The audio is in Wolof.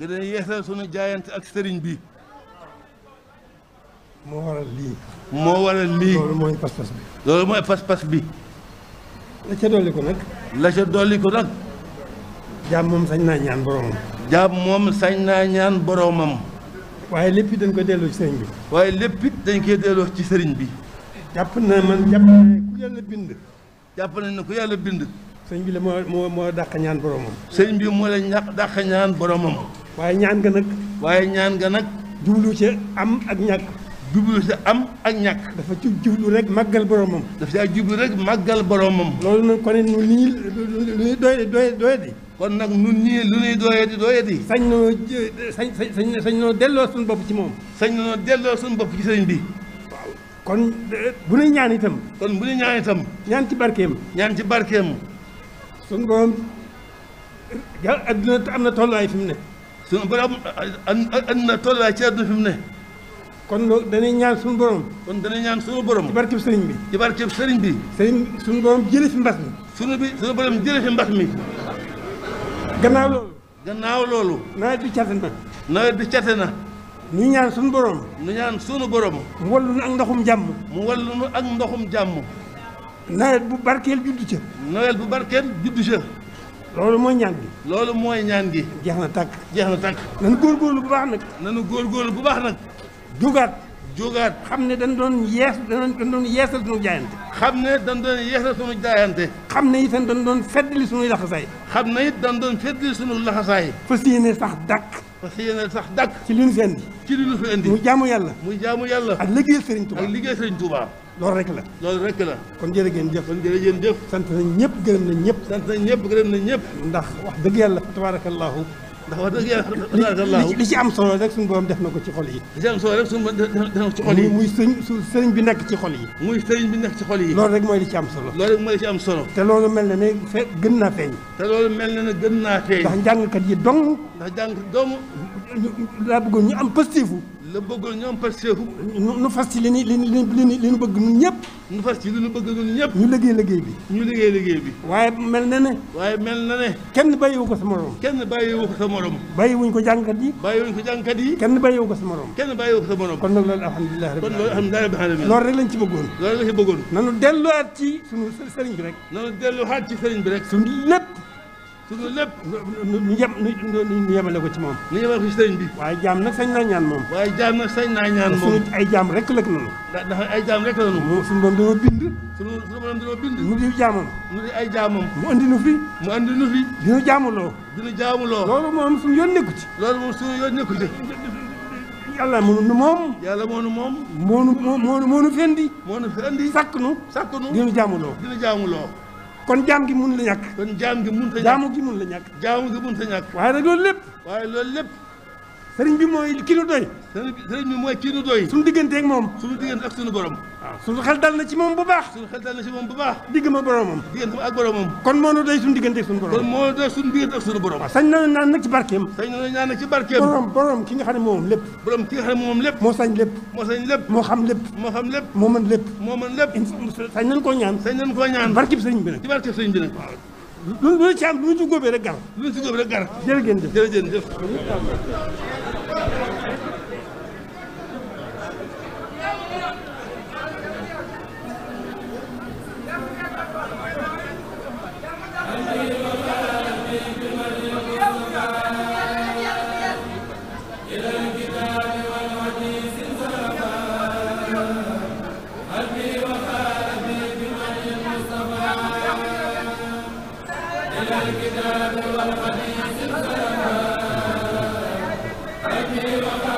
dana yeesal sunu jaayante ak sëriñ bi. moo waral lii. moo waral lii. loolu mooy pas-pas bi. loolu mooy pas-pas bi. la ca dolli ko nag. la ca dolli ko nag. jaam moom sañ naa ñaan boromam. jaam moom sañ naa ñaan boromam. waaye lépp dañ koy delloo ci sëriñ bi. waaye lépp dañ koy delloo ci sëriñ bi. jàpp na man jàpp na ku yàlla bind. jàpp nañ ne ku yàlla bind. sëriñ bi la moo moo moo bi moo la ñàkk dàq ñaan boromam. waaye ñaan nga nag. waaye ñaan nga nag. jublu ci am ak ñàkk. jublu am ak ñàkk. dafa ci jublu rek màggal boromam. dafa caa jublu rek màggal boromam. loolu nag kon nu nii lu ñuy doy doy doy kon nag nun lu ñuy doyee di doyee di. sañ noo sañ sañ sañ noo delloo suñu bopp ci moom. sañ noo delloo suñu bopp ci sëriñ bi. kon bu nuy ñaan itam. kon bu nuy ñaan itam. ñaan ci barkeem. ñaan ci barkeem. suñu borom ja adduna am na tolluwaay fi mu ne. suñu borom a na tolluwaay ci àdduna fi mu ne. kon loolu dañuy ñaan suñu borom. kon dañuy ñaan suñu borom. ci barkeb sëriñ bi. ci barkeb sëriñ bi. sëriñ suñu borom jëlee fi mbas mi. suñu bi suñu borom jëlee fi mbas mi. gannaaw loolu. gannaaw loolu. nawet bi cate na. nawet bi cate na. ñu ñaan suñu borom. ñu ñaan sunu borom. mu wallu nu ak ndoxum jàmm. mu wallu nu ak ndoxum jàmm. nawet bu barkeel juddu ca. nawet bu barkeel juddu ca. loolu mooy ñaan gi. loolu mooy ñaan gi. jeex na tàkk. jeex na tàkk. nanu góorgóorlu bu baax nag. nanu góorgóorlu bu baax nag. jógaat. jógaat xam ne dañ doon yees dañ doon yeesal suñu jaayante. xam ne dañ doon yeesal suñu jaayante. xam ne itam dañ doon feddali suñuy laxasaay. xam ne it dañ doon feddali suñu laxasaay. fas yéene sax dàkk. fas yéene sax dàkk. ci li ñu fi ci li ñu fi indi. muy jaamu yàlla. muy jaamu yàlla. ak liggéey Sëriñ Tuubaa ak liggéey Sëriñ Tuubaa. loolu rek la. loolu rek la. kon jërë ngeen jëf. kon jërë ngeen sant nañ ñëpp gërëm nañ ñëpp. sant ñëpp gërëm nañ ñëpp. ndax wax dëgg yàlla tabaarakallaahu. ndax wax dëgg yàlla tabaarakallaahu. li ci am solo rek suñu borom def na ko ci xol yi. li ci am solo rek suñu borom def na ko ci xol yi. muy sëriñ bi nekk ci xol yi. muy sëriñ bi nekk ci xol yi. loolu rek mooy li ci am solo. loolu mooy li am solo. te loolu mel na ne fe gën naa feeñ. te loolu mel na ne gën naa feeñ. ndax kat yi dong. ndax jàngkat dong. laa bëggoon ñu am pastifu la bëggoon ñoom parce que nu fas ci li nu bëgg ñun ñëpp. ñu liggéey liggéey bi. ñu liggéey liggéey bi. waaye mel na ne. waaye mel na ne. kenn bàyyiwu ko sa morom. kenn bàyyiwu ko sa morom. bàyyiwuñ ko jàngkat yi. bàyyiwuñ ko jàngkat yi. kenn bàyyiwu ko sa morom. kenn bàyyiwu ko sa morom. kon loolu alhamdulilah rabbil alamin. loolu rek lañ ci bëggoon. loolu lañ ci bëggoon. nanu delluwaat ci sunu sëriñ bi rek. nanu delluwaat ci sëriñ bi rek. suñu lépp loolu lépp ñu yem ñu yemale ko ci moom ñu yemale ko ci bi waaye jaam na sañ naa ñaan moom waaye jaam nag sañ naa ñaan moom suñu ay jaam rek lak nanu dafa ay jaam la nanu suñu borom dañoo bind suñu suñu borom dañoo bind nu di jaamam nu di ay jaamam mu andi nu fi mu andi nu fi dinu jaamuloo dinu jaamuloo loolu moom suñu yoon nekku ci loolu moom suñu yoon nekku ci yàlla mënu nu moom yàlla moonu moom moonu moonu moonu fendi moonu fendi sàkk nu sàkk nu dinu jaamuloo dinu jaamuloo kon jaam gi mun la ñàkk. kon jaam gi mun la ñàkk jaamu gi mun la ñàkk. jaamu gi mun la ñàkk. waaye nag loolu lépp. waaye loolu lépp. sëriñ bi mooy kii nu doy. sëriñ bi mooy kii nu doy. suñu digganteeg moom. suñu diggante ak suñu borom. waaw suñu xel dal na ci moom bu baax suñu boromam kon moo nu doy suñu diggante ak suñu borom kon na ci barkeem sañ na ci barkeem borom ki nga xam moom lépp moo sañ lépp moo sañ lépp moo xam lépp moo xam lépp moo mën lépp moo mën lépp sañ nañ koo ñaan sañ nañ lu lu ci gar lu ñu الكتاب والحديث السلام